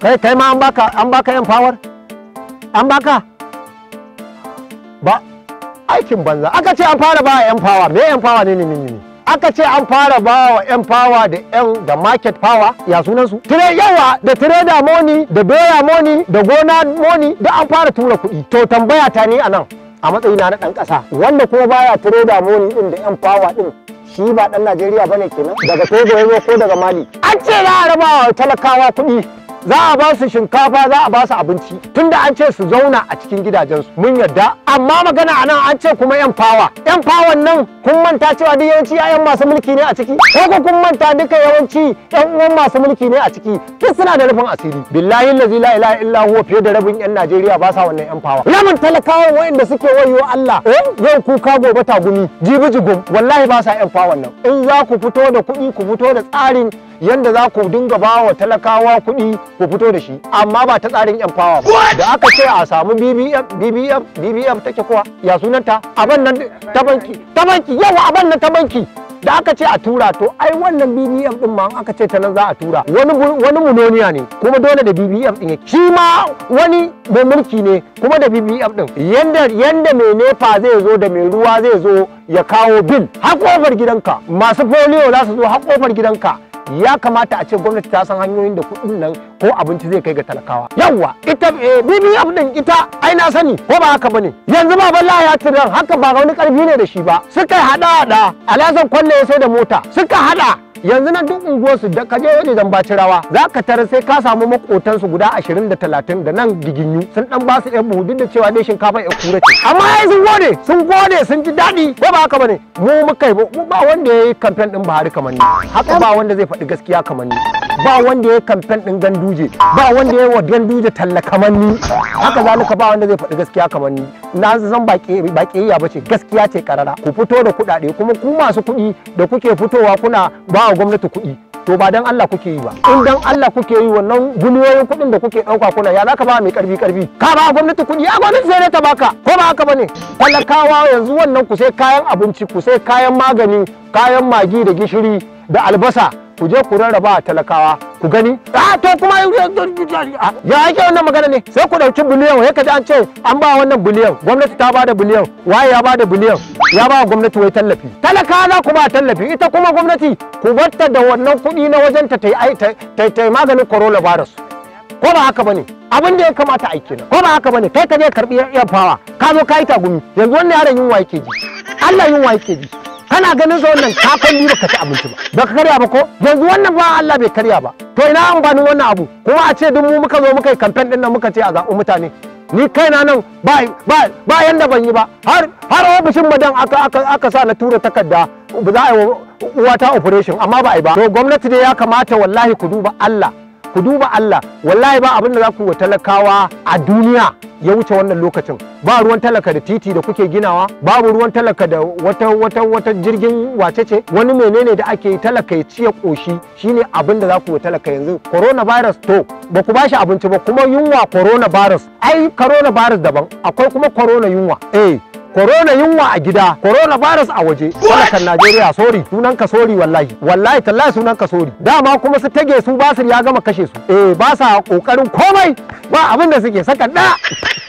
kai kai ma an baka an baka yan power an baka ba aikin banza aka ce an fara ba yan power me yan power ne ne ne ne. aka ce an fara ba wa 'yan power da 'yan da market power ya sunan su tire yawa da trader money da beya money da gona money da an fara tura kuɗi to tambaya ta ni anan a matsayina na ɗan ƙasa wanda kuma baya trader money din da 'yan power din shi ba ɗan Najeriya bane kenan daga Togo ya ko daga Mali an ce za a raba wa talakawa kuɗi za a ba su shinkafa za a ba su abinci tunda an ce su zauna a cikin gidajensu mun yarda amma magana a nan an ce kuma yan fawa yan fawan nan kun manta cewa duk yawanci yayan masu mulki ne a ciki ko ko kun manta duka yawanci yan uwan masu mulki ne a ciki duk suna da rufin asiri billahi allazi la ilaha illa huwa fiye da rabin yan Najeriya ba sa wannan yan fawa lamun talakawan wa'anda suke wayo Allah eh yau kuka gobe tagumi jibi jigum wallahi ba sa yan fawan nan in za ku fito da kuɗi ku fito da tsarin yanda za ku dinga ba wa talakawa kuɗi ku fito da shi amma ba ta tsarin yan fawa ba da aka ce a samu bbm bbm bbm take kuwa ya sunanta abin nan ta banki ta banki yawa abin nan ta banki da aka ce a tura to ai wannan bbm din ma aka ce ta nan za a tura wani wani munoniya ne kuma dole da bbm din shi ma wani mai mulki ne kuma da bbm din yanda yanda mai nefa zai zo da mai ruwa zai zo ya kawo bil har kofar gidanka masu folio za su zo har kofar gidanka ya kamata a ce gwamnati ta san hanyoyin da kuɗin nan ko abinci zai kai ga talakawa yawwa ita abu eh, din ita ai na sani ko ba haka bane yanzu ba balla ya tiran haka ba wani karfi ne da shi ba suka hada da alasan kwalle sai da mota suka hada yanzu nan duk unguwarsu da kaje waje zambacin rawa za ka tara sai ka samu makotansu guda ashirin da talatin da nan giginyu sun dan ba su yan buhu duk da cewa dai shinkafa ya kura ce amma ai sun gode sun gode sun ji daɗi ba ba haka bane mu muka yi ba wanda ya yi kamfen ɗin Buhari kamar ni haka ba wanda zai faɗi gaskiya kamar ni ba wanda ya kamfen din ganduje ba wanda ya wa ganduje talla kamar ni haka zalika ba wanda zai faɗi gaskiya kamar ni na zan ba ba ce gaskiya ce karara ku fito da kuɗaɗe kuma ku masu kuɗi da kuke fitowa kuna ba wa gwamnati kuɗi to ba dan Allah kuke yi ba in dan Allah kuke yi wannan guliyoyin kuɗin da kuke ɗauka kuna ya zaka ba mai karfi karfi ka ba gwamnati kuɗi ya gwamnati sai ta baka ko ba haka bane talakawa yanzu wannan ku sai kayan abinci ku sai kayan magani kayan magi da gishiri da albasa ku je ku rarraba a talakawa ku gani a to kuma ah, ya ake wannan magana ne sai ku dauki biliyan ya kaji an ce an ba wannan biliyan gwamnati ta ba da biliyan waye ya ba da biliyan ya ba gwamnati wai tallafi talakawa za ku ba tallafi ita kuma gwamnati ku batta da wannan kuɗi na wajen ta ta yi maganin coronavirus ko ba haka bane abin da ya kamata aiki na ko ba haka bane kai ka je karbi yan fawa ka zo ka yi tagumi yanzu wannan yaron yunwa yake ji Allah yunwa yake ji kana ganin sa wannan ka kalli baka ci abinci ba baka karya ba ko yanzu wannan ba Allah bai karya ba to ina amfanin wannan abu kuma a ce duk mu muka zo muka yi kamfen din nan muka ce a zaɓi mutane ni kai na nan ba ba ba yanda ban yi ba har har ofishin madan aka aka aka sa na tura takarda ba za a yi uwata operation amma ba a yi ba to gwamnati dai ya kamata wallahi ku duba Allah ku duba Allah wallahi ba abin da za ku wa talakawa a duniya ya wuce wannan lokacin ba ruwan talaka da titi da kuke ginawa babu ruwan talaka da wata wata wata jirgin wace ce wani menene da ake talaka ya ciye koshi shine abin da za ku wa talaka yanzu coronavirus to ba ku bashi abinci ba kuma yunwa coronavirus ai virus daban akwai kuma corona yunwa eh Corona yunwa a gida Corona virus a waje sanakan najeriya sori sunan ka sori wallahi wallahi tallahi sunan ka sori dama kuma su tage su basir ya gama kashe su eh ba sa kokarin komai ba abin da suke saka da